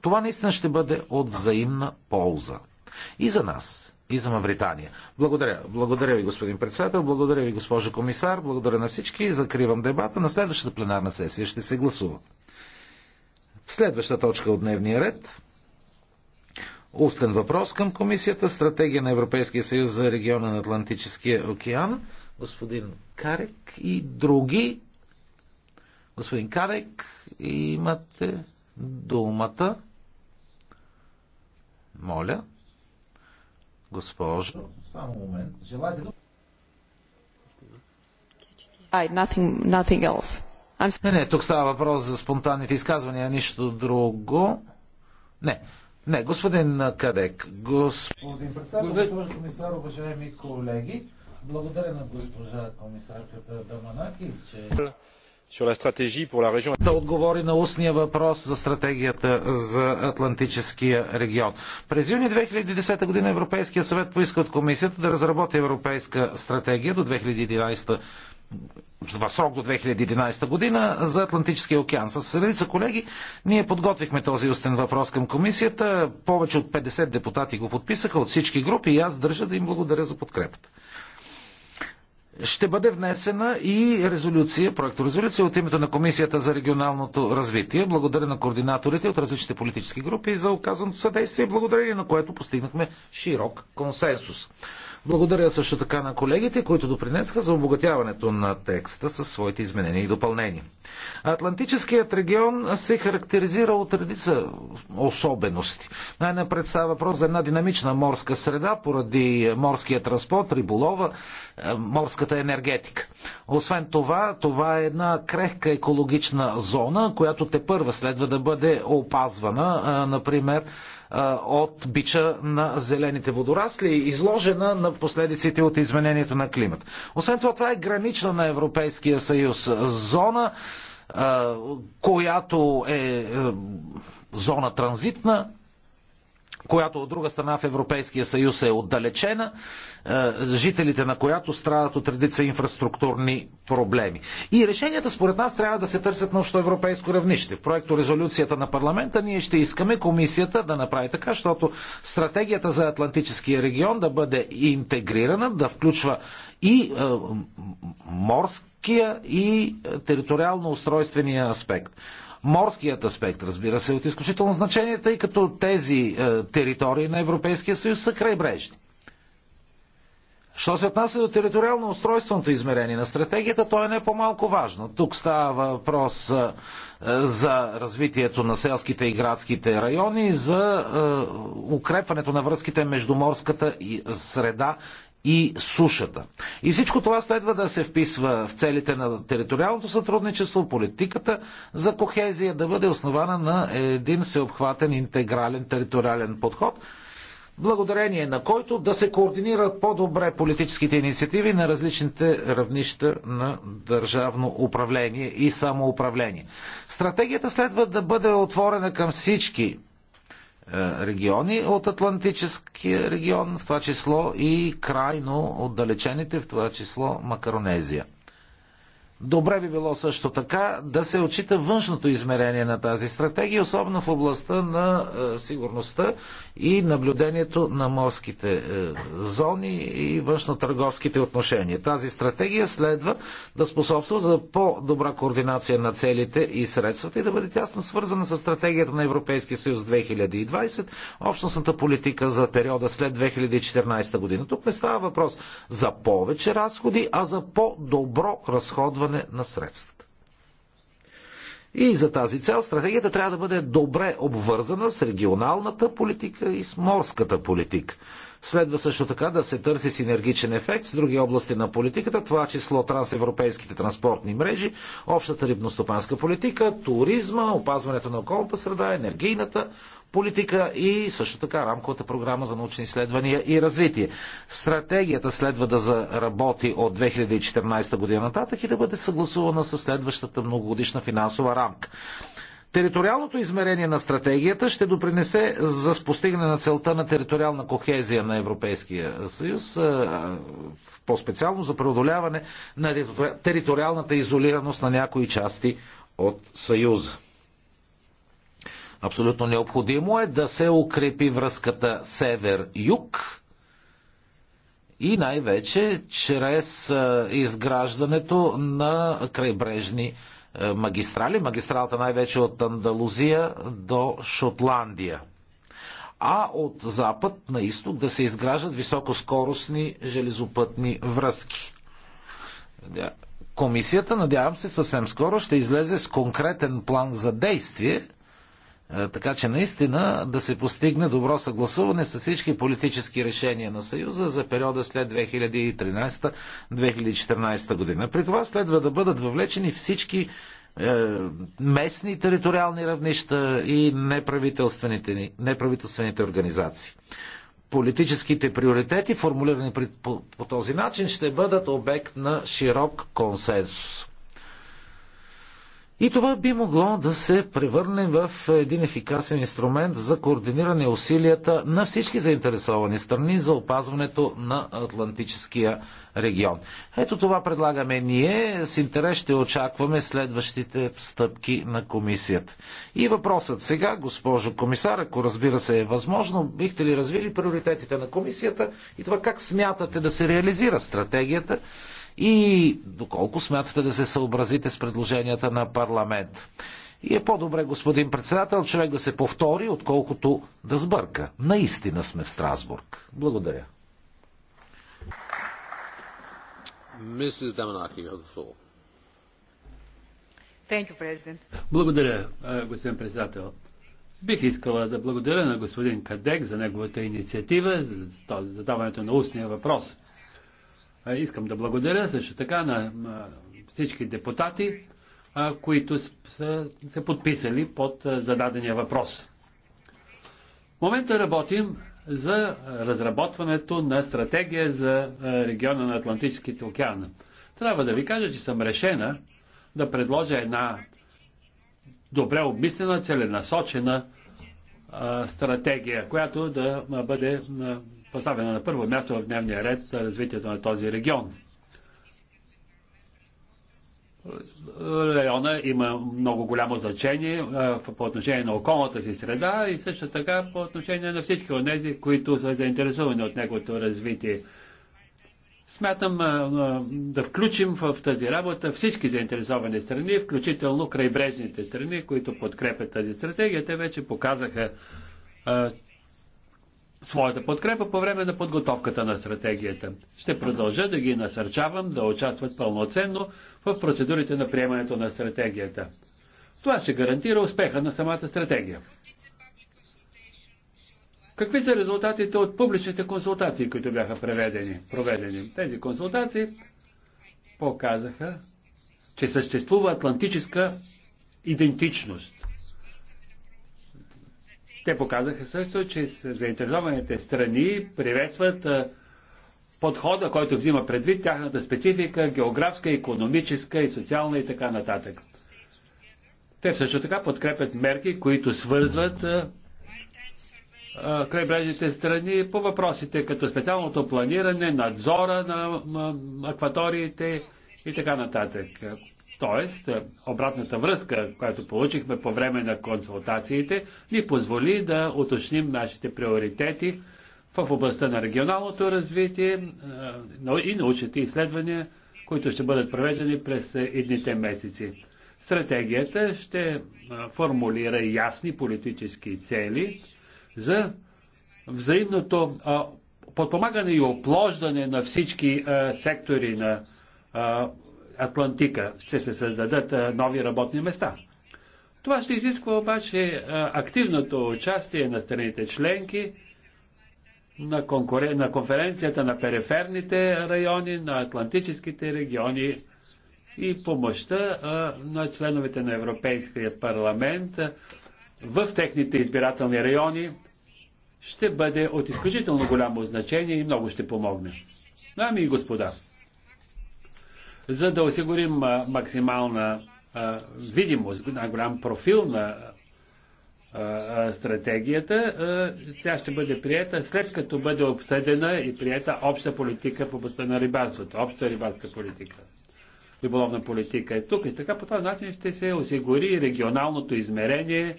Това наистина ще бъде от взаимна полза. И за нас, и за Мавритания. Благодаря. Благодаря ви, господин председател. Благодаря ви, госпожо комисар. Благодаря на всички. Закривам дебата. На следващата пленарна сесия ще се гласува. В следваща точка от дневния ред. Устен въпрос към комисията. Стратегия на Европейския съюз за региона на Атлантическия океан. Господин Карек и други. Господин Карек, имате думата. Моля. Госпожо. Само момент. Желаете да... I, nothing, nothing else. I'm... Не, не, тук става въпрос за спонтанните изказвания, нищо друго. Не, не, господин Кадек. Господин председател, госпожо комисар, уважаеми колеги, благодаря на госпожа комисарката Даманаки, че да отговори на устния въпрос за стратегията за Атлантическия регион. През юни 2010 година Европейския съвет поиска от комисията да разработи европейска стратегия до 2011 в срок до 2011 година за Атлантическия океан. С редица колеги ние подготвихме този устен въпрос към комисията. Повече от 50 депутати го подписаха от всички групи и аз държа да им благодаря за подкрепата ще бъде внесена и резолюция, проекторезолюция от името на Комисията за регионалното развитие. Благодаря на координаторите от различните политически групи за оказаното съдействие, благодарение на което постигнахме широк консенсус. Благодаря също така на колегите, които допринесха за обогатяването на текста със своите изменения и допълнения. Атлантическият регион се характеризира от редица особености. Най-напред става въпрос за една динамична морска среда поради морския транспорт, риболова, е, морската енергетика. Освен това, това е една крехка екологична зона, която те първа следва да бъде опазвана, е, например, от бича на зелените водорасли, изложена на последиците от изменението на климата. Освен това, това е гранична на Европейския съюз зона, която е, е зона транзитна която от друга страна в Европейския съюз е отдалечена, е, жителите на която страдат от редица инфраструктурни проблеми. И решенията според нас трябва да се търсят на общоевропейско равнище. В проекто резолюцията на парламента ние ще искаме комисията да направи така, защото стратегията за Атлантическия регион да бъде интегрирана, да включва и е, морския и е, териториално устройствения аспект. Морският аспект, разбира се, е от изключително значение, тъй като тези е, територии на Европейския съюз са крайбрежни. Що се отнася до териториално-устройственото измерение на стратегията, то е не по-малко важно. Тук става въпрос е, за развитието на селските и градските райони, за е, укрепването на връзките между морската среда и сушата. И всичко това следва да се вписва в целите на териториалното сътрудничество, политиката за кохезия да бъде основана на един всеобхватен интегрален териториален подход, благодарение на който да се координират по-добре политическите инициативи на различните равнища на държавно управление и самоуправление. Стратегията следва да бъде отворена към всички е, региони от Атлантическия регион, в това число и крайно отдалечените, в това число Макаронезия. Добре би било също така да се отчита външното измерение на тази стратегия, особено в областта на е, сигурността и наблюдението на морските е, зони и външно-търговските отношения. Тази стратегия следва да способства за по-добра координация на целите и средствата и да бъде тясно свързана с стратегията на Европейския съюз 2020, общностната политика за периода след 2014 година. Тук не става въпрос за повече разходи, а за по-добро разходване изразходване на средствата. И за тази цел стратегията трябва да бъде добре обвързана с регионалната политика и с морската политика. Следва също така да се търси синергичен ефект с други области на политиката, това число трансевропейските транспортни мрежи, общата рибностопанска политика, туризма, опазването на околната среда, енергийната, политика и също така рамковата програма за научни изследвания и развитие. Стратегията следва да заработи от 2014 година нататък и да бъде съгласувана с следващата многогодишна финансова рамка. Териториалното измерение на стратегията ще допринесе за спостигане на целта на териториална кохезия на Европейския съюз, по-специално за преодоляване на териториалната изолираност на някои части от съюза. Абсолютно необходимо е да се укрепи връзката север-юг и най-вече чрез изграждането на крайбрежни магистрали. Магистралата най-вече от Андалузия до Шотландия. А от запад на изток да се изграждат високоскоростни железопътни връзки. Комисията, надявам се, съвсем скоро ще излезе с конкретен план за действие – е, така че наистина да се постигне добро съгласуване с всички политически решения на Съюза за периода след 2013-2014 година. При това следва да бъдат въвлечени всички е, местни териториални равнища и неправителствените, неправителствените организации. Политическите приоритети, формулирани по, по, по този начин, ще бъдат обект на широк консенсус. И това би могло да се превърне в един ефикасен инструмент за координиране усилията на всички заинтересовани страни за опазването на Атлантическия регион. Ето това предлагаме ние. С интерес ще очакваме следващите стъпки на комисията. И въпросът сега, госпожо комисар, ако разбира се е възможно, бихте ли развили приоритетите на комисията и това как смятате да се реализира стратегията? и доколко смятате да се съобразите с предложенията на парламент. И е по-добре, господин председател, човек да се повтори, отколкото да сбърка. Наистина сме в Страсбург. Благодаря. You, благодаря, господин председател. Бих искала да благодаря на господин Кадек за неговата инициатива, за задаването на устния въпрос. Искам да благодаря също така на всички депутати, които са се подписали под зададения въпрос. В момента работим за разработването на стратегия за региона на Атлантическите океана. Трябва да ви кажа, че съм решена да предложа една добре обмислена, целенасочена стратегия, която да бъде поставена на първо място в дневния ред развитието на този регион. Района има много голямо значение по отношение на околната си среда и също така по отношение на всички от тези, които са заинтересовани от неговото развитие. Смятам да включим в тази работа всички заинтересовани страни, включително крайбрежните страни, които подкрепят тази стратегия. Те вече показаха, своята подкрепа по време на подготовката на стратегията. Ще продължа да ги насърчавам да участват пълноценно в процедурите на приемането на стратегията. Това ще гарантира успеха на самата стратегия. Какви са резултатите от публичните консултации, които бяха преведени, проведени? Тези консултации показаха, че съществува атлантическа идентичност. Те показаха също, че заинтересованите страни приветстват подхода, който взима предвид тяхната специфика, географска, економическа и социална и така нататък. Те също така подкрепят мерки, които свързват крайбрежните страни по въпросите като специалното планиране, надзора на акваториите и така нататък. Тоест, е, обратната връзка, която получихме по време на консултациите, ни позволи да уточним нашите приоритети в областта на регионалното развитие е, и научните изследвания, които ще бъдат проведени през е, едните месеци. Стратегията ще формулира ясни политически цели за взаимното подпомагане и оплождане на всички сектори на Атлантика. Ще се създадат нови работни места. Това ще изисква обаче активното участие на страните членки, на, конкурен... на конференцията на периферните райони, на атлантическите региони и помощта на членовете на Европейския парламент в техните избирателни райони ще бъде от изключително голямо значение и много ще помогне. Дами и господа, за да осигурим максимална видимост, голям профил на стратегията. Тя ще бъде приета след като бъде обсъдена и приета обща политика в областта на рибарството, обща рибарска политика, риболовна политика е тук. И така по този начин ще се осигури регионалното измерение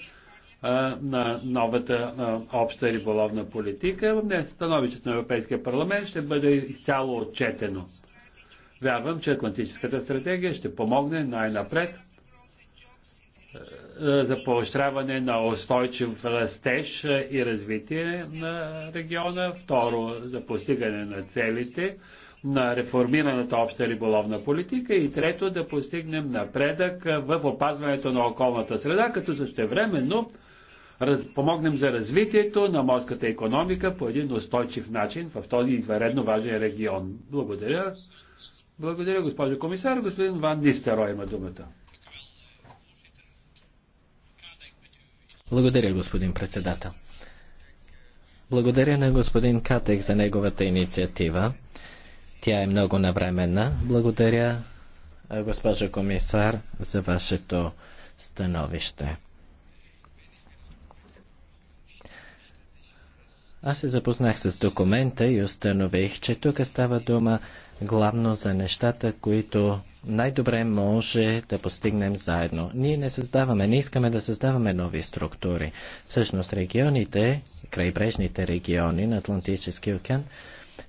на новата обща риболовна политика. Становището на Европейския парламент ще бъде изцяло отчетено. Вярвам, че Атлантическата стратегия ще помогне най-напред е, за поощряване на устойчив растеж и развитие на региона, второ за постигане на целите на реформираната обща риболовна политика и трето да постигнем напредък в опазването на околната среда, като същевременно раз, помогнем за развитието на морската економика по един устойчив начин в този изваредно важен регион. Благодаря. Благодаря, госпожо комисар. Господин Ван Нистеро има думата. Благодаря, господин председател. Благодаря на господин Катек за неговата инициатива. Тя е много навременна. Благодаря, госпожо комисар, за вашето становище. Аз се запознах с документа и установих, че тук става дума главно за нещата, които най-добре може да постигнем заедно. Ние не създаваме, не искаме да създаваме нови структури. Всъщност регионите, крайбрежните региони на Атлантически океан,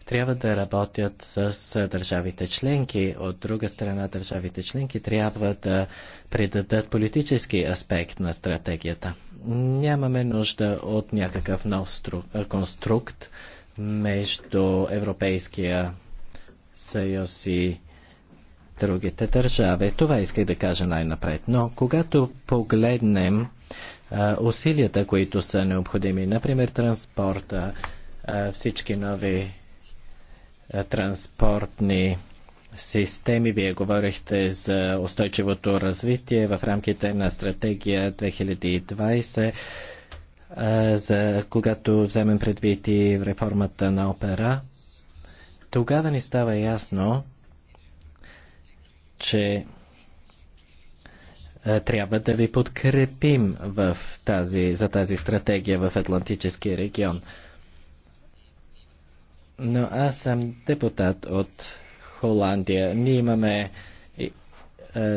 трябва да работят с държавите членки. От друга страна, държавите членки трябва да придадат политически аспект на стратегията. Нямаме нужда от някакъв нов конструкт между Европейския съюз и другите държави. Това исках да кажа най-напред. Но когато погледнем а, усилията, които са необходими, например транспорта, а, всички нови а, транспортни системи. Вие говорихте за устойчивото развитие в рамките на стратегия 2020, за когато вземем предвид и реформата на опера. Тогава ни става ясно, че трябва да ви подкрепим в тази, за тази стратегия в Атлантическия регион. Но аз съм депутат от Холандия. Ние имаме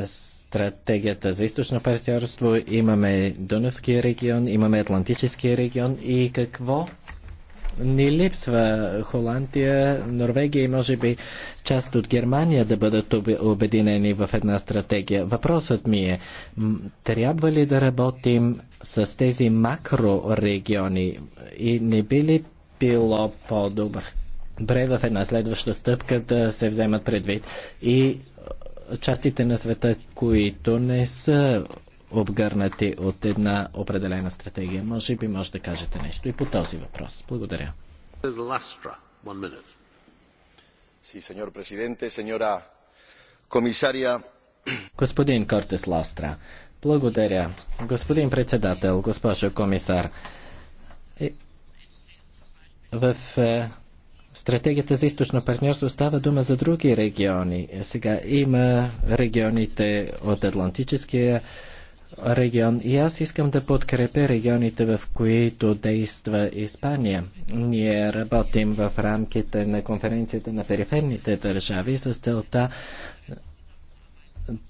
стратегията за източно партньорство, имаме Дунавския регион, имаме Атлантическия регион и какво ни липсва Холандия, Норвегия и може би част от Германия да бъдат обединени в една стратегия. Въпросът ми е, трябва ли да работим с тези макрорегиони и не би ли било по-добре? Бре в една следваща стъпка да се вземат предвид и частите на света, които не са обгърнати от една определена стратегия. Може би може да кажете нещо и по този въпрос. Благодаря. Господин Кортес Ластра, благодаря. Господин председател, госпожо комисар, е, в е, стратегията за източно партньорство става дума за други региони. Сега има регионите от Атлантическия регион и аз искам да подкрепя регионите, в които действа Испания. Ние работим в рамките на конференцията на периферните държави с целта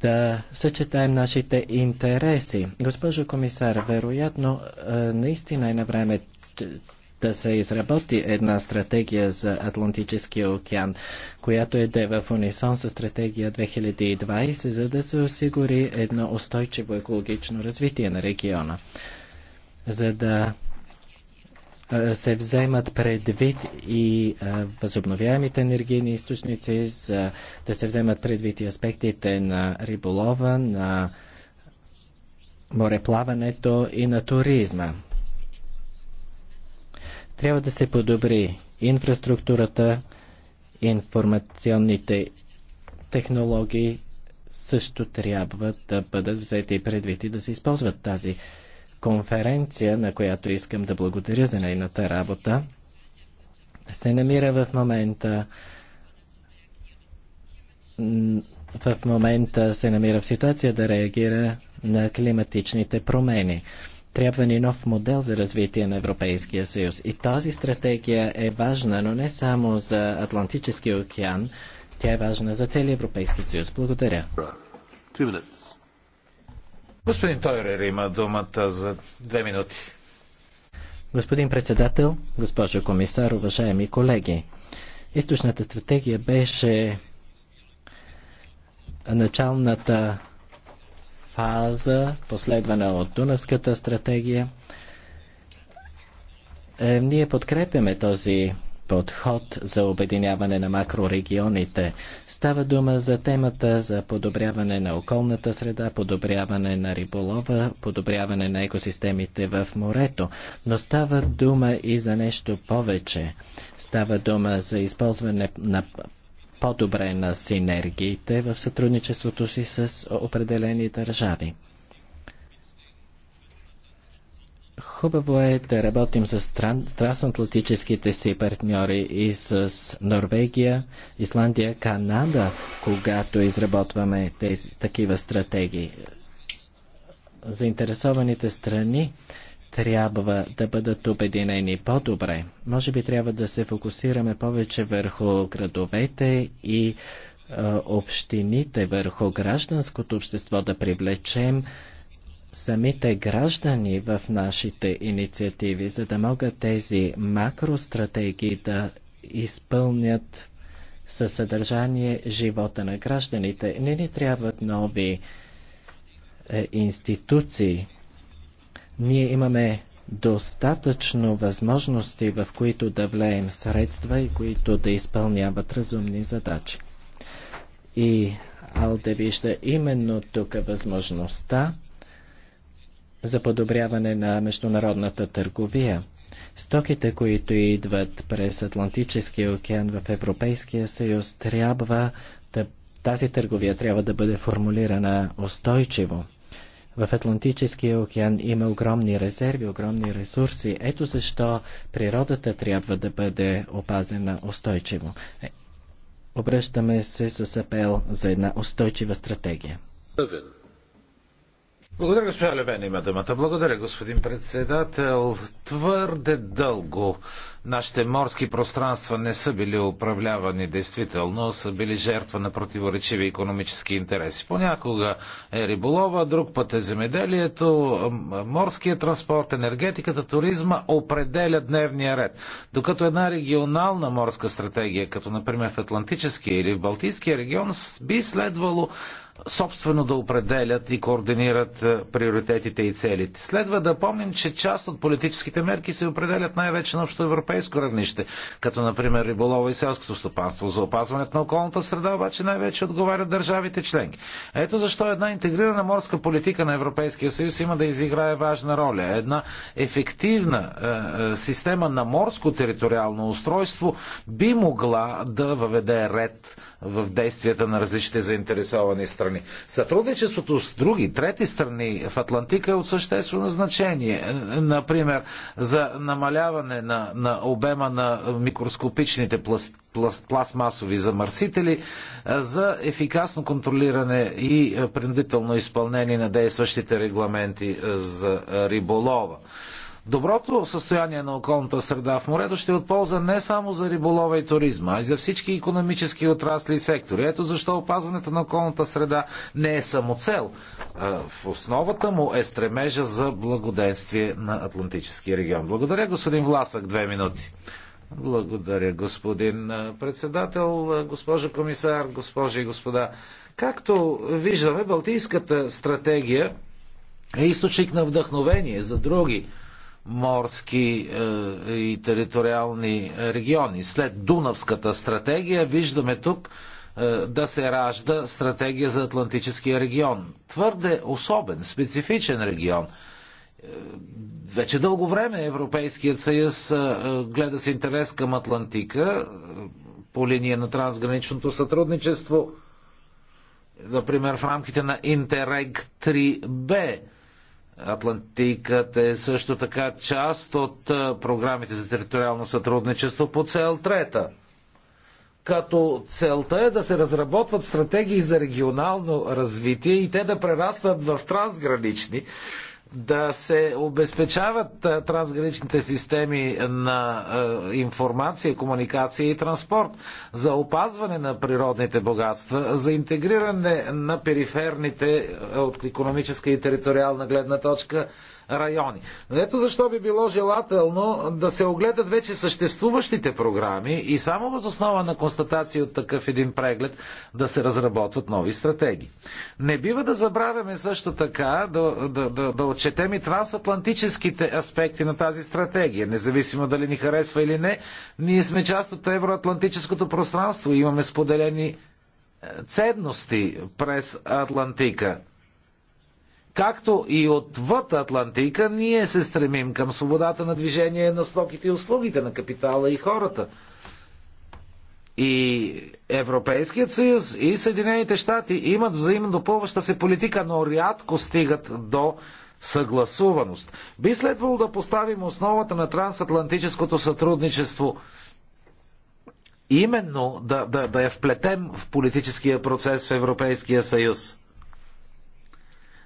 да съчетаем нашите интереси. Госпожо комисар, вероятно, наистина е на време да се изработи една стратегия за Атлантическия океан, която е да е в унисон с стратегия 2020, за да се осигури едно устойчиво екологично развитие на региона. За да се вземат предвид и а, възобновяемите енергийни източници, за да се вземат предвид и аспектите на риболова, на мореплаването и на туризма. Трябва да се подобри инфраструктурата, информационните технологии също трябва да бъдат взети предвид и да се използват тази конференция, на която искам да благодаря за нейната работа, се намира в момента в момента се намира в ситуация да реагира на климатичните промени. Трябва ни нов модел за развитие на Европейския съюз. И тази стратегия е важна, но не само за Атлантическия океан. Тя е важна за целия Европейски съюз. Благодаря. Господин Тойрер има думата за две минути. Господин председател, госпожо комисар, уважаеми колеги. Източната стратегия беше началната фаза, последвана от Дунавската стратегия. Е, ние подкрепяме този подход за обединяване на макрорегионите. Става дума за темата за подобряване на околната среда, подобряване на риболова, подобряване на екосистемите в морето, но става дума и за нещо повече. Става дума за използване на по-добре на синергиите в сътрудничеството си с определени държави. Хубаво е да работим с трансатлантическите си партньори и с Норвегия, Исландия, Канада, когато изработваме тези такива стратегии. Заинтересованите страни трябва да бъдат обединени по-добре. Може би трябва да се фокусираме повече върху градовете и е, общините, върху гражданското общество, да привлечем самите граждани в нашите инициативи, за да могат тези макростратегии да изпълнят със съдържание живота на гражданите. Не ни трябват нови е, институции. Ние имаме достатъчно възможности, в които да влеем средства и които да изпълняват разумни задачи. И Алде вижда именно тук възможността за подобряване на международната търговия. Стоките, които идват през Атлантическия океан в Европейския съюз, трябва да, тази търговия трябва да бъде формулирана устойчиво в Атлантическия океан има огромни резерви, огромни ресурси. Ето защо природата трябва да бъде опазена устойчиво. Е, обръщаме се с апел за една устойчива стратегия. Благодаря, госпожа Левен, има думата. Благодаря, господин председател. Твърде дълго нашите морски пространства не са били управлявани действително, са били жертва на противоречиви економически интереси. Понякога е риболова, друг път е земеделието, морския транспорт, енергетиката, туризма определя дневния ред. Докато една регионална морска стратегия, като например в Атлантическия или в Балтийския регион, би следвало собствено да определят и координират е, приоритетите и целите. Следва да помним, че част от политическите мерки се определят най-вече на общоевропейско равнище, като например риболова и селското стопанство. За опазването на околната среда обаче най-вече отговарят държавите членки. Ето защо една интегрирана морска политика на Европейския съюз има да изиграе важна роля. Една ефективна е, е система на морско териториално устройство би могла да въведе ред в действията на различните заинтересовани страни. Сътрудничеството с други, трети страни в Атлантика е от съществено значение. Например, за намаляване на, на обема на микроскопичните пласт, пласт, пластмасови замърсители, за ефикасно контролиране и принудително изпълнение на действащите регламенти е, за риболова. Доброто състояние на околната среда в морето ще е от полза не само за риболова и туризма, а и за всички економически отрасли и сектори. Ето защо опазването на околната среда не е само цел. В основата му е стремежа за благоденствие на Атлантическия регион. Благодаря, господин Власък. Две минути. Благодаря, господин председател, госпожо комисар, госпожи и господа. Както виждаме, Балтийската стратегия е източник на вдъхновение за други морски е, и териториални региони. След Дунавската стратегия виждаме тук е, да се ражда стратегия за Атлантическия регион. Твърде особен, специфичен регион. Е, вече дълго време Европейският съюз гледа с интерес към Атлантика по линия на трансграничното сътрудничество, например в рамките на Интерег 3Б Атлантикът е също така част от програмите за териториално сътрудничество по цел трета. Като целта е да се разработват стратегии за регионално развитие и те да прерастват в трансгранични, да се обезпечават трансграничните системи на информация, комуникация и транспорт, за опазване на природните богатства, за интегриране на периферните от економическа и териториална гледна точка райони. Но ето защо би било желателно да се огледат вече съществуващите програми и само въз основа на констатации от такъв един преглед да се разработват нови стратегии. Не бива да забравяме също така да, да, да, да отчетем и трансатлантическите аспекти на тази стратегия. Независимо дали ни харесва или не, ние сме част от евроатлантическото пространство и имаме споделени е, ценности през Атлантика както и отвъд Атлантика, ние се стремим към свободата на движение на стоките и услугите, на капитала и хората. И Европейският съюз и Съединените щати имат взаимно допълваща се политика, но рядко стигат до съгласуваност. Би следвало да поставим основата на трансатлантическото сътрудничество именно да, да, да я вплетем в политическия процес в Европейския съюз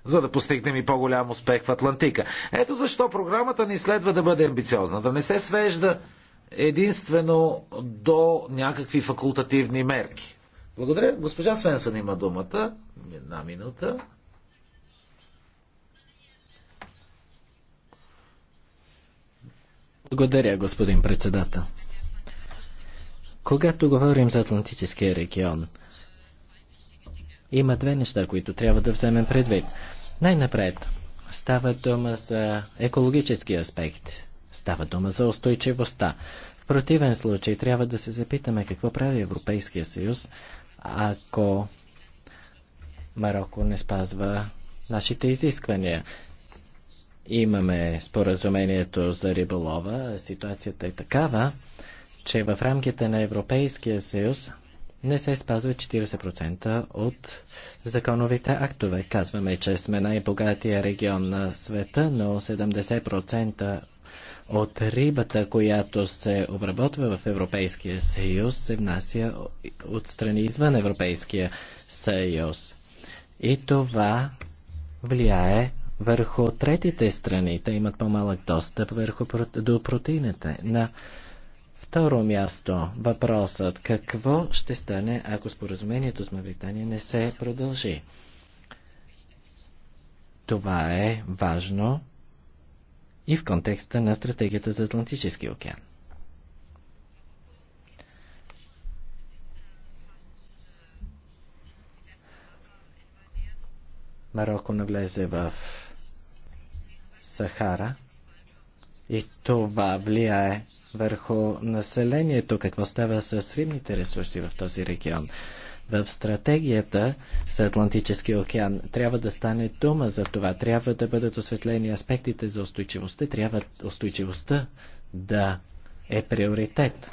за да постигнем и по-голям успех в Атлантика. Ето защо програмата ни следва да бъде амбициозна, да не се свежда единствено до някакви факултативни мерки. Благодаря. Госпожа Свенсън има думата. Една минута. Благодаря, господин председател. Когато говорим за Атлантическия регион, има две неща, които трябва да вземем предвид. Най-напред става дума за екологически аспект. Става дума за устойчивостта. В противен случай трябва да се запитаме какво прави Европейския съюз, ако Марокко не спазва нашите изисквания. Имаме споразумението за риболова. Ситуацията е такава, че в рамките на Европейския съюз не се спазва 40% от законовите актове. Казваме, че сме най-богатия регион на света, но 70% от рибата, която се обработва в Европейския съюз, се внася от страни извън Европейския съюз. И това влияе върху третите страни. Те имат по-малък достъп върху, до протеините. На Второ място. Въпросът. Какво ще стане, ако споразумението с Мавритания не се продължи? Това е важно и в контекста на стратегията за Атлантически океан. Марокко навлезе в Сахара и това влияе върху населението, какво става с рибните ресурси в този регион. В стратегията за Атлантическия океан трябва да стане дума за това. Трябва да бъдат осветлени аспектите за устойчивостта. Трябва устойчивостта да е приоритет.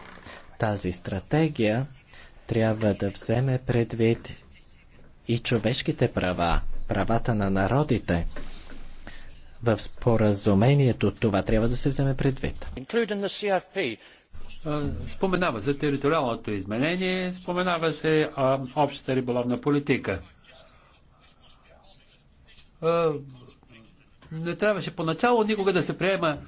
Тази стратегия трябва да вземе предвид и човешките права, правата на народите в споразумението. Това трябва да се вземе предвид. Споменава се териториалното изменение, споменава се а, общата риболовна политика. А, не трябваше поначало никога да се приема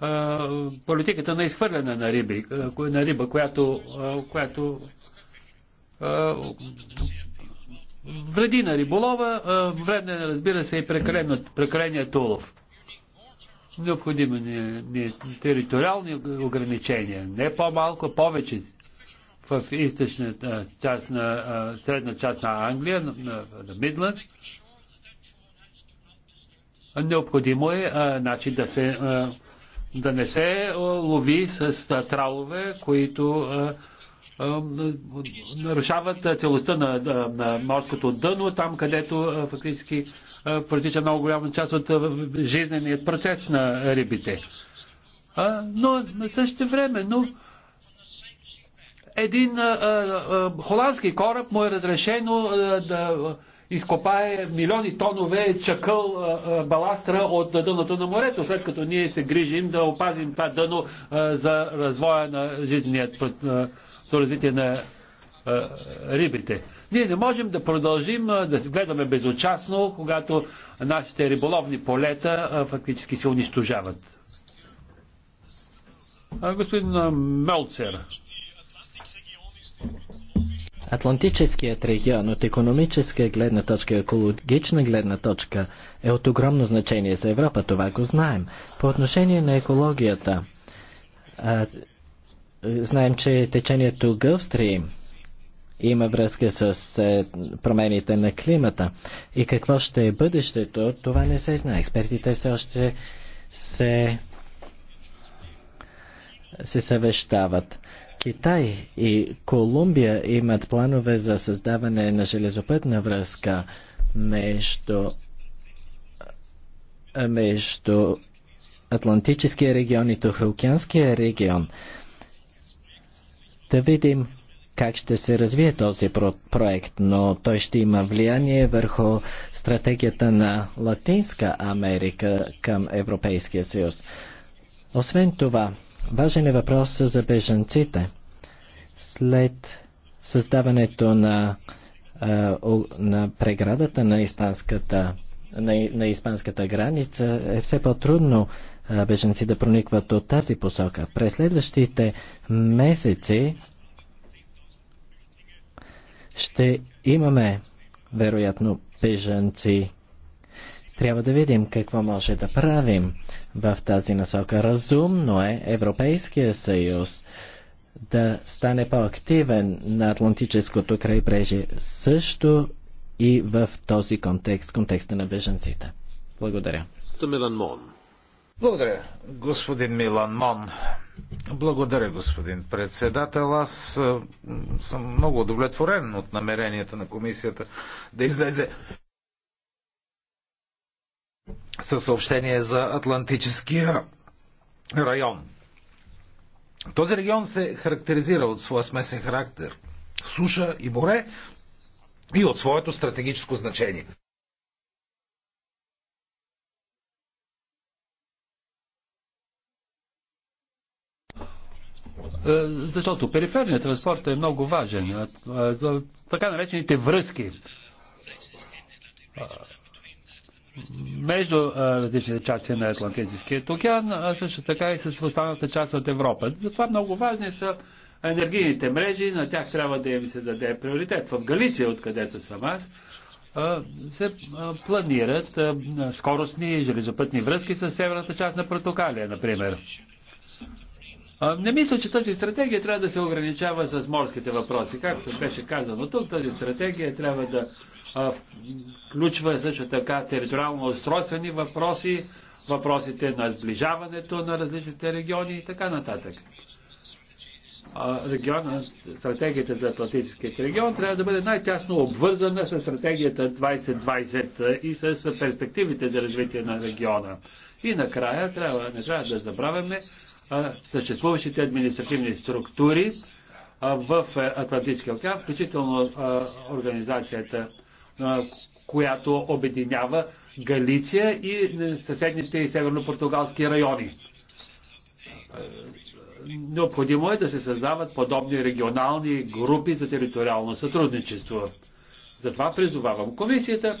а, политиката на изхвърляне на, риби, на риба, която, а, която вреди на риболова, вредна е, разбира се, и прекаленият улов. Необходимо ни, ни териториални ограничения, не по-малко, повече в източна част на, средна част на Англия, на, на Мидланд. Необходимо е а, значи, да, се, а, да не се лови с а, тралове, които а, е, нарушават е, целостта на, на морското дъно, там където е, фактически протича много голяма част от жизненият процес на рибите. Но на същото време, но един а, а, холандски кораб му е разрешено а, да изкопае милиони тонове чакъл а, баластра от дъното на морето, след като ние се грижим да опазим това дъно а, за развоя на жизненият процес до развитие на а, рибите. Ние не можем да продължим а, да се гледаме безучастно, когато нашите риболовни полета а, фактически се унищожават. А, господин Мелцер. Атлантическият регион от економическа гледна точка и екологична гледна точка е от огромно значение за Европа, това го знаем. По отношение на екологията, знаем, че течението Gulf има връзка с е, промените на климата. И какво ще е бъдещето, това не се знае. Експертите все още се, се съвещават. Китай и Колумбия имат планове за създаване на железопътна връзка между, между Атлантическия регион и Тухоокеанския регион да видим как ще се развие този проект, но той ще има влияние върху стратегията на Латинска Америка към Европейския съюз. Освен това, важен е въпрос за беженците. След създаването на, на преградата на испанската, на, на испанската граница е все по-трудно беженци да проникват от тази посока. През следващите месеци ще имаме, вероятно, беженци. Трябва да видим какво може да правим в тази насока. Разумно е Европейския съюз да стане по-активен на Атлантическото крайбрежие, също и в този контекст, контекста на беженците. Благодаря. Милан Мон. Благодаря, господин Милан Мон. Благодаря, господин председател. Аз съм много удовлетворен от намеренията на комисията да излезе със съобщение за Атлантическия район. Този регион се характеризира от своя смесен характер суша и море и от своето стратегическо значение. Е, защото периферният транспорт е много важен. Е, за така наречените връзки е, между различните части на Атлантическия океан, а също така и с останалата част от Европа. Затова много важни са енергийните мрежи, на тях трябва да им се даде приоритет. В Галиция, откъдето съм аз, се планират скоростни железопътни връзки с северната част на Португалия, например. Не мисля, че тази стратегия трябва да се ограничава с морските въпроси. Както беше казано тук, тази стратегия трябва да включва също така териториално устройствени въпроси, въпросите на сближаването на различните региони и така нататък. региона, стратегията за Атлантическия регион трябва да бъде най-тясно обвързана с стратегията 2020 и с перспективите за развитие на региона. И накрая трябва, не трябва да забравяме а, съществуващите административни структури а, в е, Атлантическия океан, включително а, организацията, а, която обединява Галиция и е, съседните и северно-португалски райони. Необходимо е да се създават подобни регионални групи за териториално сътрудничество. Затова призовавам комисията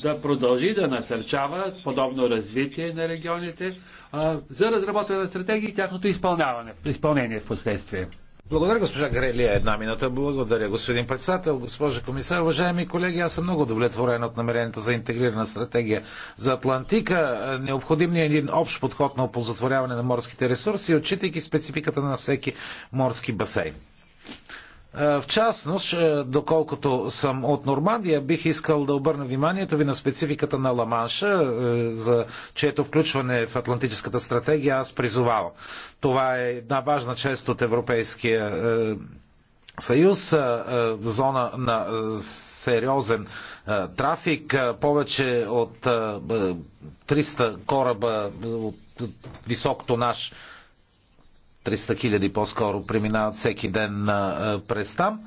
да продължи да насърчава подобно развитие на регионите а, за разработване на стратегии и тяхното изпълняване, изпълнение в последствие. Благодаря, госпожа Грелия. Една минута. Благодаря, господин председател, госпожа комисар. Уважаеми колеги, аз съм много удовлетворен от намеренията за интегрирана стратегия за Атлантика. Необходим ни е един общ подход на опозатворяване на морските ресурси, отчитайки спецификата на всеки морски басейн. Е, в частност, е, доколкото съм от Нормандия, бих искал да обърна вниманието ви на спецификата на Ламанша, е, за чието включване в Атлантическата стратегия аз призовавам. Това е една важна част от Европейския съюз, зона на сериозен трафик, повече от 300 кораба от висок тонаж 300 хиляди по-скоро преминават всеки ден през там.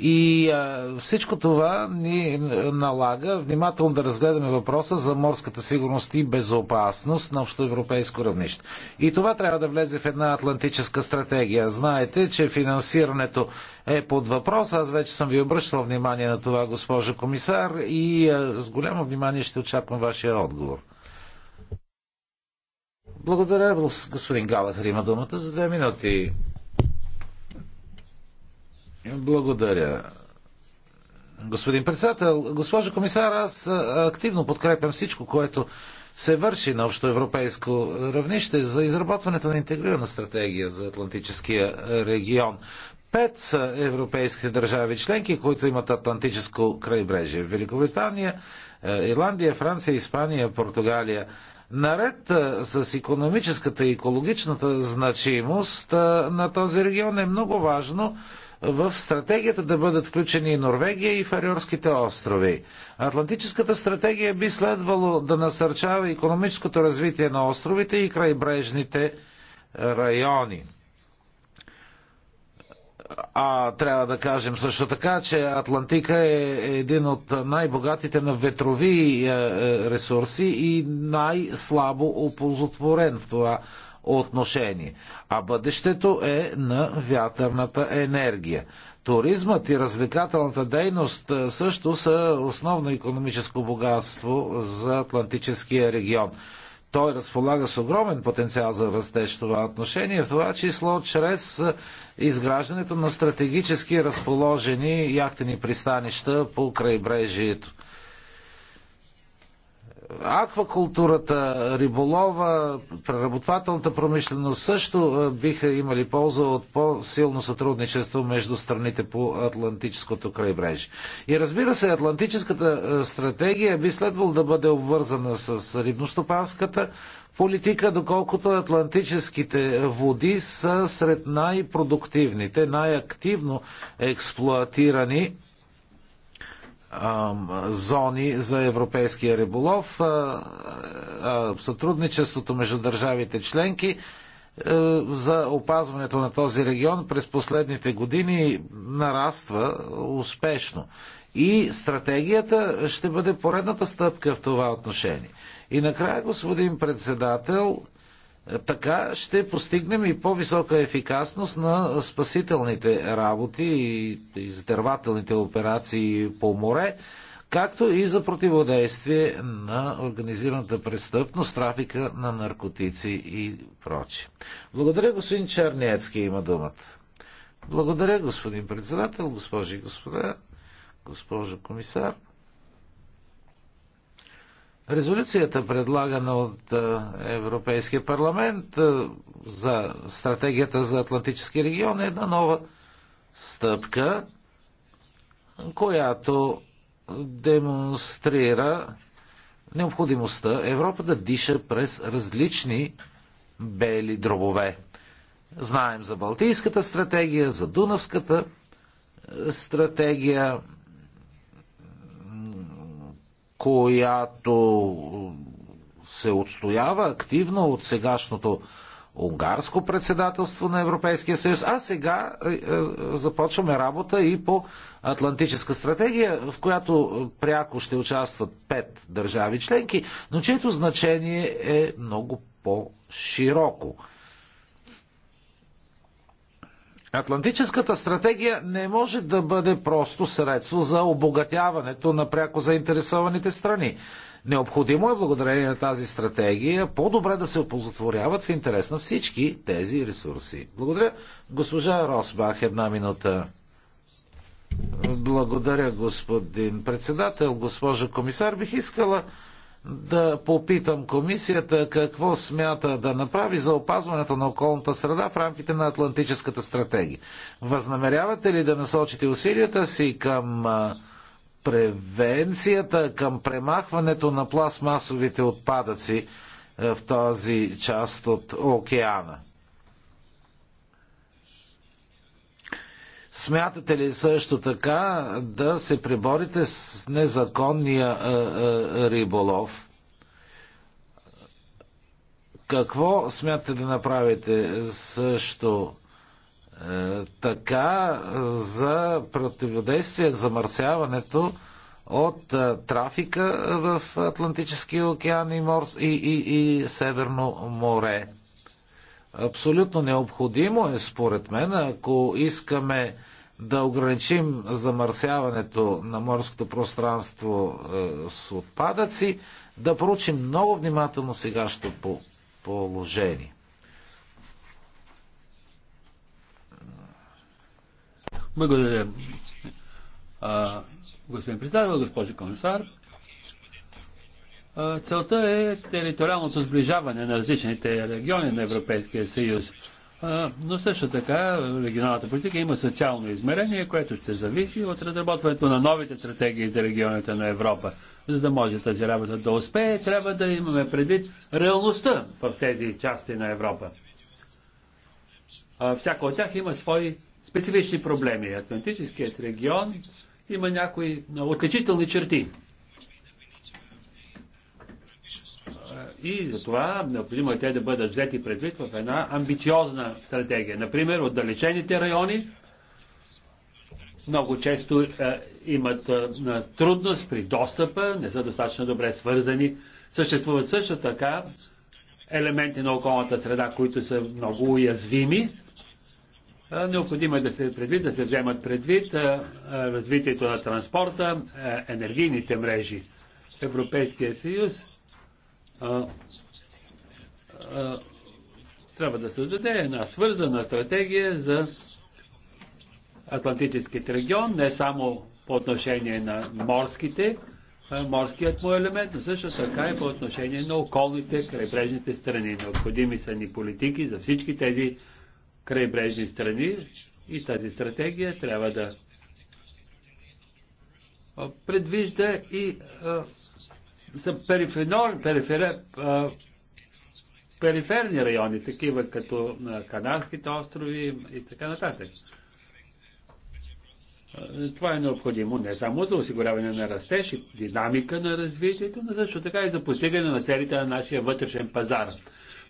И а, всичко това ни налага внимателно да разгледаме въпроса за морската сигурност и безопасност на общоевропейско равнище. И това трябва да влезе в една атлантическа стратегия. Знаете, че финансирането е под въпрос. Аз вече съм ви обръщал внимание на това, госпожо комисар, и а, с голямо внимание ще очаквам вашия отговор. Благодаря. Господин Галахър има думата за две минути. Благодаря. Господин председател, госпожо комисар, аз активно подкрепям всичко, което се върши на общоевропейско равнище за изработването на интегрирана стратегия за Атлантическия регион. Пет са европейските държави членки, които имат Атлантическо крайбрежие. Великобритания, Ирландия, Франция, Испания, Португалия Наред с економическата и екологичната значимост на този регион е много важно в стратегията да бъдат включени и Норвегия и Фариорските острови. Атлантическата стратегия би следвало да насърчава економическото развитие на островите и крайбрежните райони. А трябва да кажем също така, че Атлантика е един от най-богатите на ветрови е, е, ресурси и най-слабо оползотворен в това отношение. А бъдещето е на вятърната енергия. Туризмът и развлекателната дейност е, също са основно економическо богатство за Атлантическия регион. Той разполага с огромен потенциал за растеж в това отношение, в това число чрез изграждането на стратегически разположени яхтени пристанища по крайбрежието аквакултурата, риболова, преработвателната промишленост също биха имали полза от по-силно сътрудничество между страните по Атлантическото крайбрежие. И разбира се, Атлантическата стратегия би следвало да бъде обвързана с рибностопанската политика, доколкото Атлантическите води са сред най-продуктивните, най-активно експлоатирани зони за европейския риболов. Сътрудничеството между държавите членки е, за опазването на този регион през последните години нараства успешно. И стратегията ще бъде поредната стъпка в това отношение. И накрая, господин председател, така ще постигнем и по-висока ефикасност на спасителните работи и издървателните операции по море, както и за противодействие на организираната престъпност, трафика на наркотици и прочи. Благодаря, господин Чернецки, има думата. Благодаря, господин председател, госпожи и господа, госпожо комисар. Резолюцията, предлагана от Европейския парламент за стратегията за Атлантически регион, е една нова стъпка, която демонстрира необходимостта Европа да диша през различни бели дробове. Знаем за Балтийската стратегия, за Дунавската стратегия, която се отстоява активно от сегашното унгарско председателство на Европейския съюз, а сега е, е, започваме работа и по Атлантическа стратегия, в която пряко ще участват пет държави членки, но чието значение е много по-широко Атлантическата стратегия не може да бъде просто средство за обогатяването на пряко заинтересованите страни. Необходимо е благодарение на тази стратегия по-добре да се опозотворяват в интерес на всички тези ресурси. Благодаря. Госпожа Росбах, една минута. Благодаря, господин председател, госпожо комисар. Бих искала да попитам комисията какво смята да направи за опазването на околната среда в рамките на Атлантическата стратегия. Възнамерявате ли да насочите усилията си към превенцията, към премахването на пластмасовите отпадъци в тази част от океана? Смятате ли също така да се преборите с незаконния е, е, риболов? Какво смятате да направите също е, така за противодействие замърсяването от трафика в Атлантическия океан и, морс, и, и, и Северно море? Абсолютно необходимо е, според мен, ако искаме да ограничим замърсяването на морското пространство е, с отпадъци, да проучим много внимателно сегашното положение. Благодаря. господин председател, госпожо комисар, Целта е териториалното сближаване на различните региони на Европейския съюз. Но също така регионалната политика има социално измерение, което ще зависи от разработването на новите стратегии за регионите на Европа. За да може тази работа да успее, трябва да имаме предвид реалността в тези части на Европа. Всяко от тях има свои специфични проблеми. Атлантическият регион има някои отличителни черти. И затова необходимо е те да бъдат взети предвид в една амбициозна стратегия. Например, отдалечените райони много често е, имат е, трудност при достъпа, не са достатъчно добре свързани. Съществуват също така елементи на околната среда, които са много уязвими. Е, необходимо е да се предвид, да се вземат предвид е, развитието на транспорта, е, енергийните мрежи. Европейския съюз а, а, трябва да създаде една свързана стратегия за Атлантическият регион, не само по отношение на морските, морският му елемент, но също така и по отношение на околните крайбрежните страни. Необходими са ни политики за всички тези крайбрежни страни и тази стратегия трябва да предвижда и са периферни, периферни райони, такива като Канарските острови и така нататък. Това е необходимо не само за осигуряване на растеж и динамика на развитието, но също така и за постигане на целите на нашия вътрешен пазар.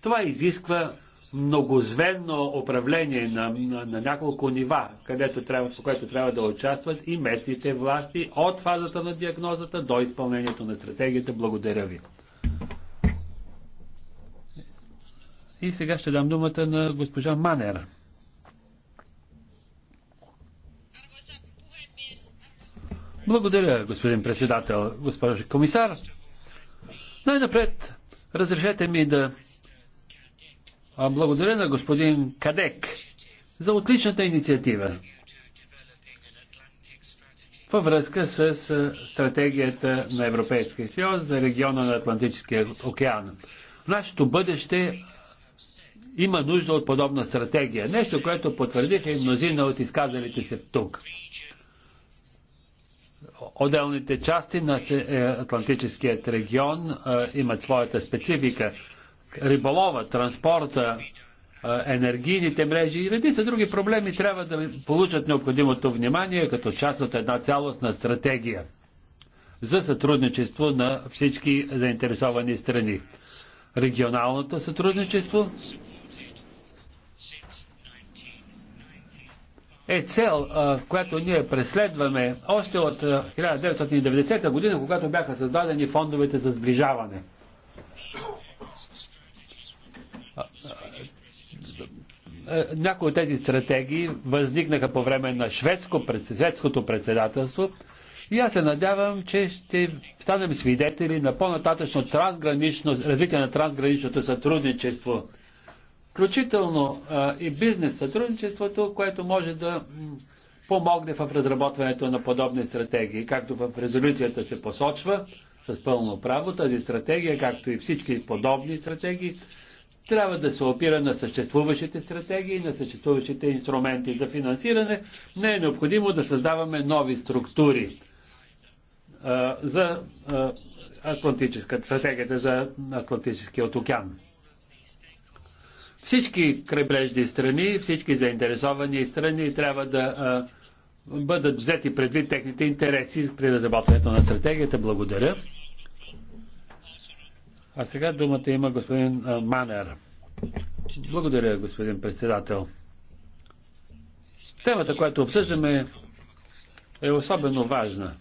Това изисква многозвенно управление на, на, на няколко нива, където трябва, по което трябва да участват и местните власти от фазата на диагнозата до изпълнението на стратегията. Благодаря ви. И сега ще дам думата на госпожа Манер. Благодаря, господин председател, госпожа комисар. Най-напред, разрешете ми да благодаря на господин Кадек за отличната инициатива във връзка с стратегията на Европейския съюз за региона на Атлантическия океан. Нашето бъдеще има нужда от подобна стратегия. Нещо, което потвърдиха и мнозина от изказалите се тук. Отделните части на е, Атлантическият регион имат своята специфика риболова, транспорта, енергийните мрежи и редица други проблеми трябва да получат необходимото внимание като част от една цялостна стратегия за сътрудничество на всички заинтересовани страни. Регионалното сътрудничество е цел, която ние преследваме още от 1990 година, когато бяха създадени фондовете за сближаване – някои от тези стратегии възникнаха по време на шведско, шведското председателство и аз се надявам, че ще станем свидетели на по-нататъчно трансгранично, развитие на трансграничното сътрудничество, включително а, и бизнес сътрудничеството, което може да помогне в разработването на подобни стратегии. Както в резолюцията се посочва с пълно право, тази стратегия, както и всички подобни стратегии, трябва да се опира на съществуващите стратегии, на съществуващите инструменти за финансиране. Не е необходимо да създаваме нови структури а, за а, Атлантическа, стратегията за Атлантическият океан. Всички крайбрежни страни, всички заинтересовани страни трябва да а, бъдат взети предвид техните интереси при разработването на стратегията. Благодаря. А сега думата има господин Манер. Благодаря, господин председател. Темата, която обсъждаме, е особено важна.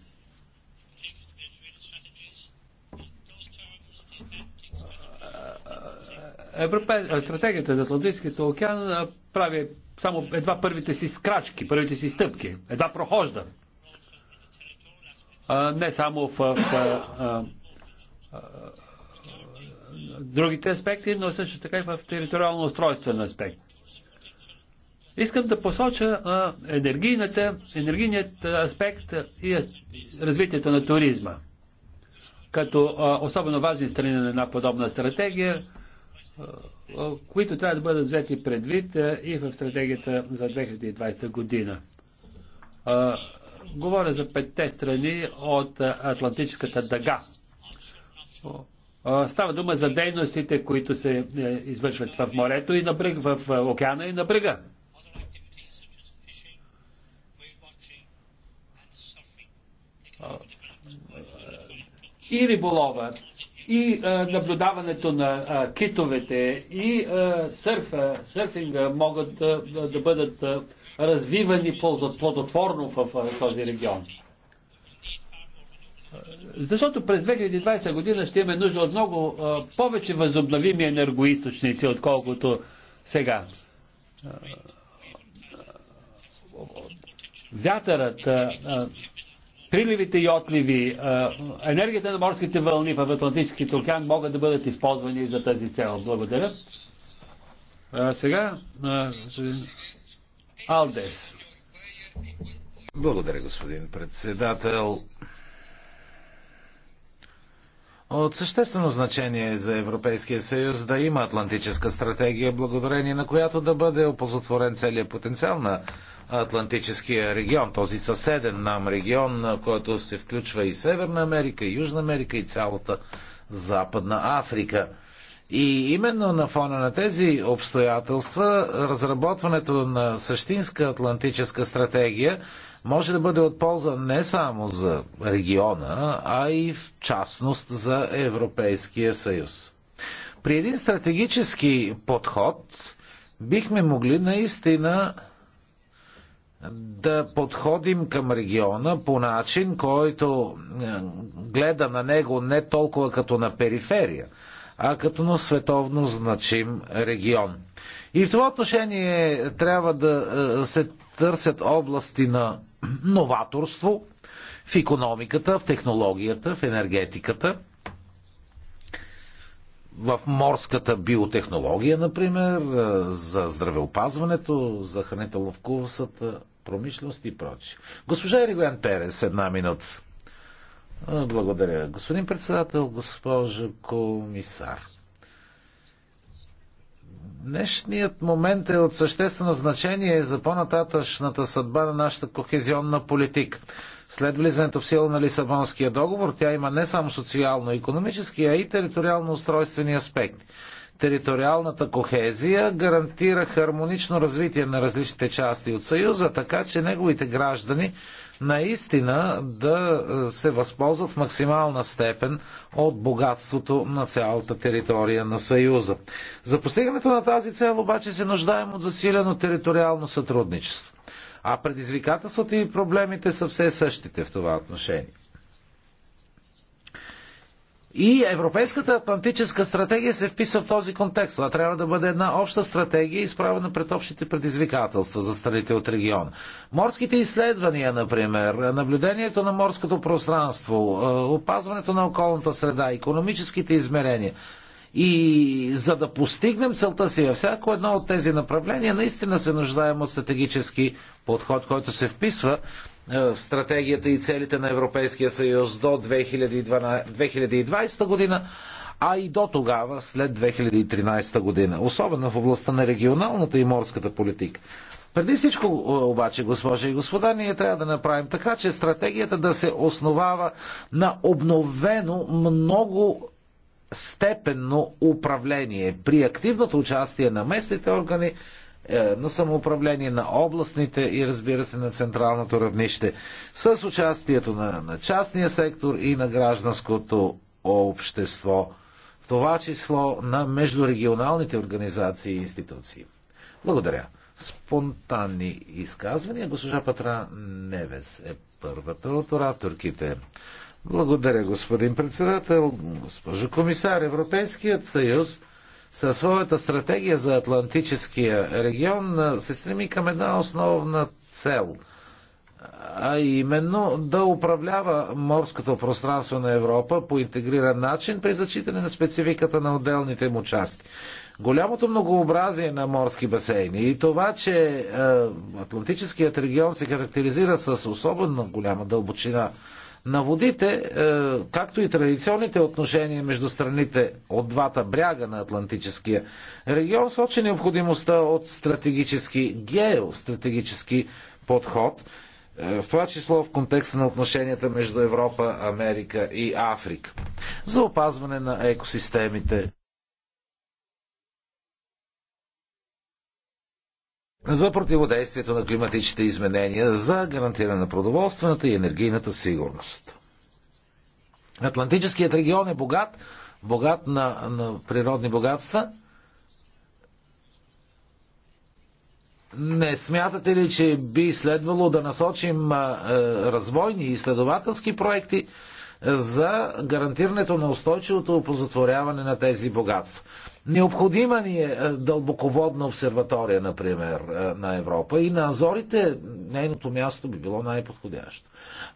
Европе... Стратегията за Атлантическия океан прави само едва първите си скрачки, първите си стъпки, едва прохожда. А, не само в, в а, а, другите аспекти, но също така и в териториално-устройствен аспект. Искам да посоча енергийната, енергийният аспект и развитието на туризма. Като особено важни страни на една подобна стратегия, които трябва да бъдат взети предвид и в стратегията за 2020 година. говоря за петте страни от Атлантическата дъга. Става дума за дейностите, които се е, извършват в морето и на брег, в е, океана и на брега. И риболова, и е, наблюдаването на китовете, и сърфа, сърфинга могат да бъдат развивани плодотворно в този регион. Защото през 2020 година ще имаме нужда от много повече възобновими енергоисточници, отколкото сега. Вятърът, приливите и отливи, енергията на морските вълни в Атлантическите океан могат да бъдат използвани за тази цел. Благодаря. А, сега Алдес. Благодаря, господин председател. От съществено значение за Европейския съюз да има Атлантическа стратегия, благодарение на която да бъде опозотворен целият потенциал на Атлантическия регион, този съседен нам регион, в който се включва и Северна Америка, и Южна Америка, и цялата Западна Африка. И именно на фона на тези обстоятелства разработването на същинска атлантическа стратегия може да бъде от полза не само за региона, а и в частност за Европейския съюз. При един стратегически подход бихме могли наистина да подходим към региона по начин, който е, гледа на него не толкова като на периферия, а като на световно значим регион. И в това отношение трябва да е, се търсят области на новаторство в економиката, в технологията, в енергетиката, в морската биотехнология, например, е, за здравеопазването, за хранително-вкусата промишленост и прочее. Госпожа Еригоян Перес, една минута. Благодаря. Господин председател, госпожо комисар. Днешният момент е от съществено значение за по-нататъчната съдба на нашата кохезионна политика. След влизането в сила на Лисабонския договор, тя има не само социално-економически, а и териториално-устройствени аспекти. Териториалната кохезия гарантира хармонично развитие на различните части от Съюза, така че неговите граждани наистина да е, се възползват в максимална степен от богатството на цялата територия на Съюза. За постигането на тази цел обаче се нуждаем от засилено териториално сътрудничество. А предизвикателствата и проблемите са все същите в това отношение. И Европейската атлантическа стратегия се вписва в този контекст. Това трябва да бъде една обща стратегия, изправена пред общите предизвикателства за страните от региона. Морските изследвания, например, наблюдението на морското пространство, е, опазването на околната среда, економическите измерения. И за да постигнем целта си във всяко едно от тези направления, наистина се нуждаем от стратегически подход, който се вписва е, в стратегията и целите на Европейския съюз до 2020 година, а и до тогава, след 2013 година, особено в областта на регионалната и морската политика. Преди всичко е, обаче, госпожи и господа, ние трябва да направим така, че стратегията да се основава на обновено много степенно управление при активното участие на местните органи, е, на самоуправление, на областните и разбира се на централното равнище, с участието на, на частния сектор и на гражданското общество, в това число на междурегионалните организации и институции. Благодаря. Спонтанни изказвания. Госпожа Патра Невес е първата от ораторките. Благодаря, господин председател, госпожо комисар. Европейският съюз със своята стратегия за Атлантическия регион се стреми към една основна цел, а именно да управлява морското пространство на Европа по интегриран начин при зачитане на спецификата на отделните му части. Голямото многообразие на морски басейни и това, че Атлантическият регион се характеризира с особено голяма дълбочина на водите, е, както и традиционните отношения между страните от двата бряга на Атлантическия регион, сочи необходимостта от стратегически геостратегически подход, е, в това число в контекста на отношенията между Европа, Америка и Африка, за опазване на екосистемите за противодействието на климатичните изменения, за гарантиране на продоволствената и енергийната сигурност. Атлантическият регион е богат, богат на, на природни богатства. Не смятате ли, че би следвало да насочим а, а, развойни и изследователски проекти за гарантирането на устойчивото опозотворяване на тези богатства. Необходима ни е, е дълбоководна обсерватория, например, е, на Европа и на Азорите нейното място би било най-подходящо.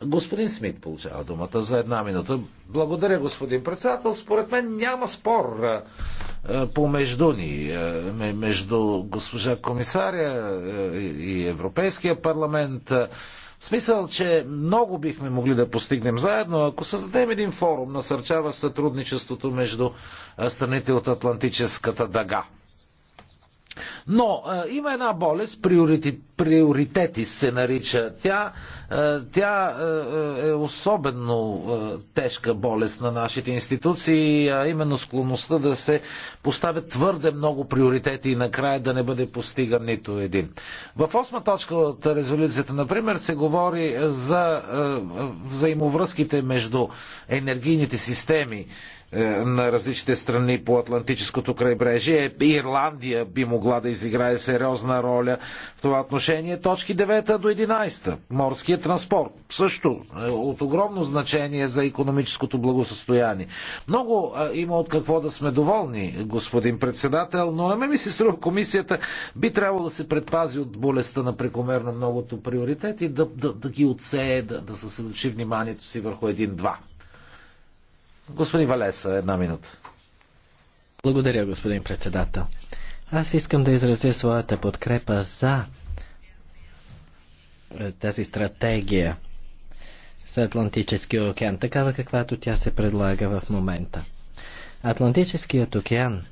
Господин Смит получава думата за една минута. Благодаря, господин председател. Според мен няма спор е, помежду ни, между госпожа комисаря и Европейския парламент. В смисъл, че много бихме могли да постигнем заедно, ако създадем един форум, насърчава сътрудничеството между страните от Атлантическата дъга. Но е, има една болест, приоритет, приоритети се нарича. Тя, е, тя е, е, е особено е, тежка болест на нашите институции, а именно склонността да се поставят твърде много приоритети и накрая да не бъде постиган нито един. В осма точка от резолюцията, например, се говори за взаимовръзките между енергийните системи на различните страни по Атлантическото крайбрежие. Ирландия би могла да изиграе сериозна роля в това отношение. Точки 9 до 11. Морския транспорт. Също е от огромно значение за економическото благосостояние. Много е, има от какво да сме доволни, господин председател, но е, мен ми се струва комисията би трябвало да се предпази от болестта на прекомерно многото приоритети, да, да, да ги отсее, да, да съсредочи вниманието си върху един-два. Господин Валеса, една минута. Благодаря, господин председател. Аз искам да изразя своята подкрепа за е, тази стратегия с Атлантическия океан, такава каквато тя се предлага в момента. Атлантическият океан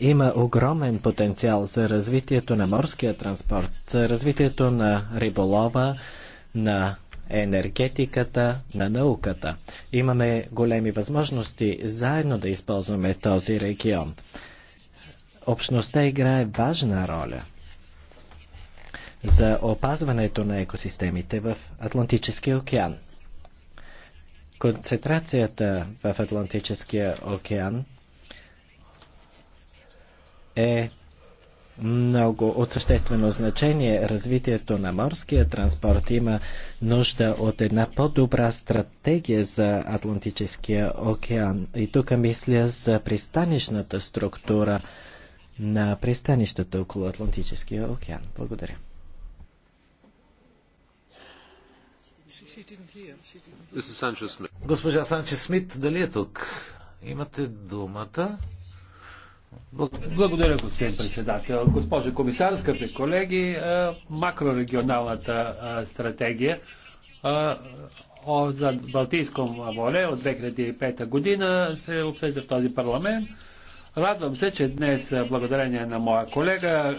има огромен потенциал за развитието на морския транспорт, за развитието на риболова, на енергетиката, на науката. Имаме големи възможности заедно да използваме този регион. Общността играе важна роля за опазването на екосистемите в Атлантическия океан. Концентрацията в Атлантическия океан е много от съществено значение. Развитието на морския транспорт има нужда от една по-добра стратегия за Атлантическия океан. И тук мисля за пристанищната структура на пристанищата около Атлантическия океан. Благодаря. Госпожа Санчес Смит, дали е тук? Имате думата. Благодаря, господин председател. Госпожо комисар, скъпи колеги, е, макрорегионалната е, стратегия е, за Балтийско море от 2005 година се обсъжда в този парламент. Радвам се, че днес, благодарение на моя колега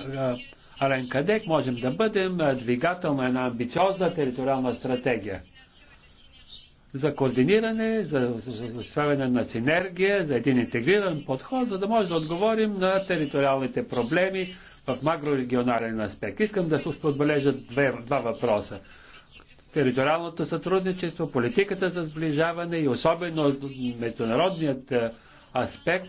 Ален Кадек, можем да бъдем двигател на една амбициозна териториална стратегия за координиране, за съставяне на синергия, за един интегриран подход, за да може да отговорим на териториалните проблеми в макрорегионален аспект. Искам да се отбележа два въпроса. Териториалното сътрудничество, политиката за сближаване и особено международният аспект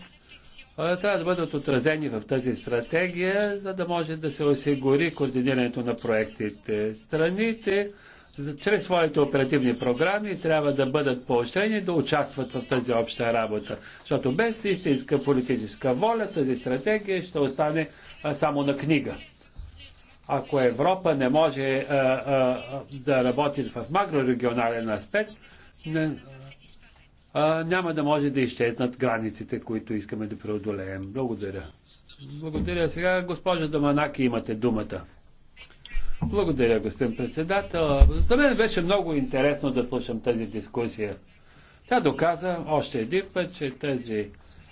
трябва да бъдат отразени в тази стратегия, за да може да се осигури координирането на проектите. Страните чрез своите оперативни програми трябва да бъдат поощрени да участват в тази обща работа. Защото без истинска политическа воля тази стратегия ще остане а, само на книга. Ако Европа не може а, а, да работи в макрорегионален аспект, не, а, няма да може да изчезнат границите, които искаме да преодолеем. Благодаря. Благодаря. Сега, госпожа Доманаки, имате думата. Благодаря, господин председател. За мен беше много интересно да слушам тази дискусия. Тя доказа още един път, че тази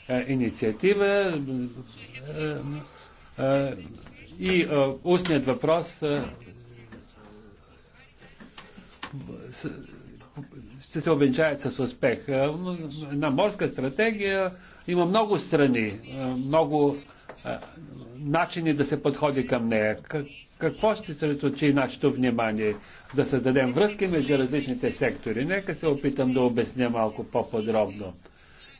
е, инициатива е, е, е и е, устният въпрос е, ще се обвенчаят с успех. Е, на морска стратегия има много страни, е, много е, начини да се подходи към нея. Какво ще се случи нашето внимание? Да създадем връзки между различните сектори. Нека се опитам да обясня малко по-подробно.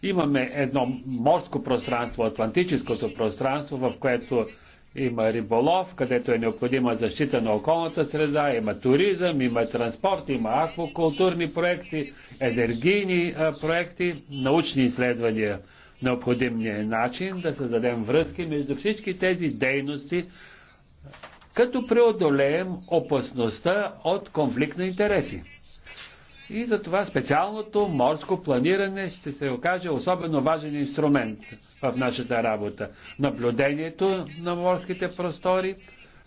Имаме едно морско пространство, атлантическото пространство, в което има риболов, където е необходима защита на околната среда, има туризъм, има транспорт, има аквакултурни проекти, енергийни проекти, научни изследвания. Необходимният е начин да създадем връзки между всички тези дейности, като преодолеем опасността от конфликт на интереси. И за това специалното морско планиране ще се окаже особено важен инструмент в нашата работа. Наблюдението на морските простори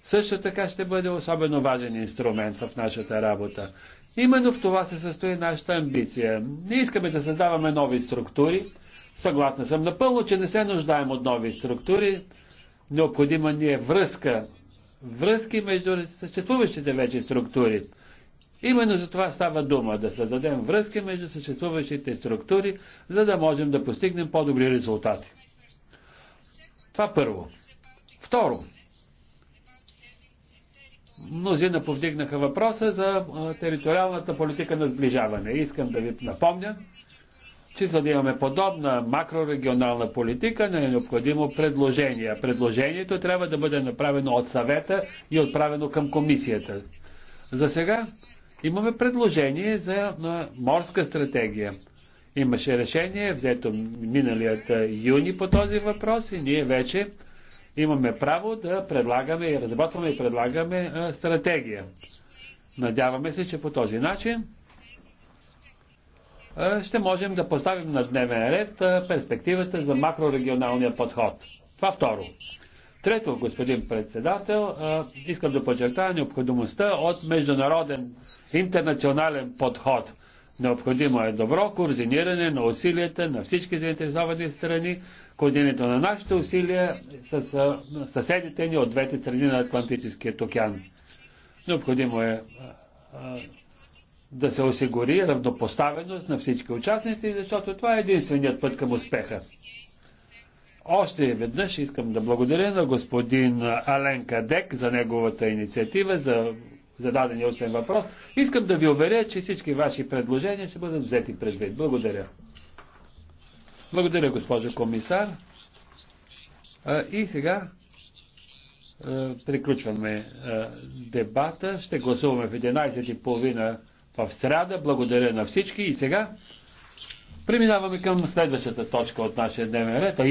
също така ще бъде особено важен инструмент в нашата работа. Именно в това се състои нашата амбиция. Не искаме да създаваме нови структури. Съгласна съм напълно, че не се нуждаем от нови структури. Необходима ни е връзка. Връзки между съществуващите вече структури. Именно за това става дума, да създадем връзки между съществуващите структури, за да можем да постигнем по-добри резултати. Това първо. Второ, мнозина повдигнаха въпроса за териториалната политика на сближаване. Искам да ви напомня, че за да имаме подобна макрорегионална политика, не е необходимо предложение. Предложението трябва да бъде направено от съвета и отправено към комисията. За сега Имаме предложение за морска стратегия. Имаше решение, взето миналият юни по този въпрос и ние вече имаме право да предлагаме и разработваме и предлагаме а, стратегия. Надяваме се, че по този начин а, ще можем да поставим на дневен ред а, перспективата за макрорегионалния подход. Това второ. Трето, господин председател, искам да подчертая необходимостта от международен интернационален подход. Необходимо е добро координиране на усилията на всички заинтересовани страни, координирането на нашите усилия с съседите ни от двете страни на Атлантическия океан. Необходимо е да се осигури равнопоставеност на всички участници, защото това е единственият път към успеха. Още веднъж искам да благодаря на господин Ален Кадек за неговата инициатива, за зададения устен въпрос. Искам да ви уверя, че всички ваши предложения ще бъдат взети предвид. Благодаря. Благодаря, госпожо комисар. И сега приключваме дебата. Ще гласуваме в 11.30 в среда. Благодаря на всички. И сега преминаваме към следващата точка от нашия дневен ред,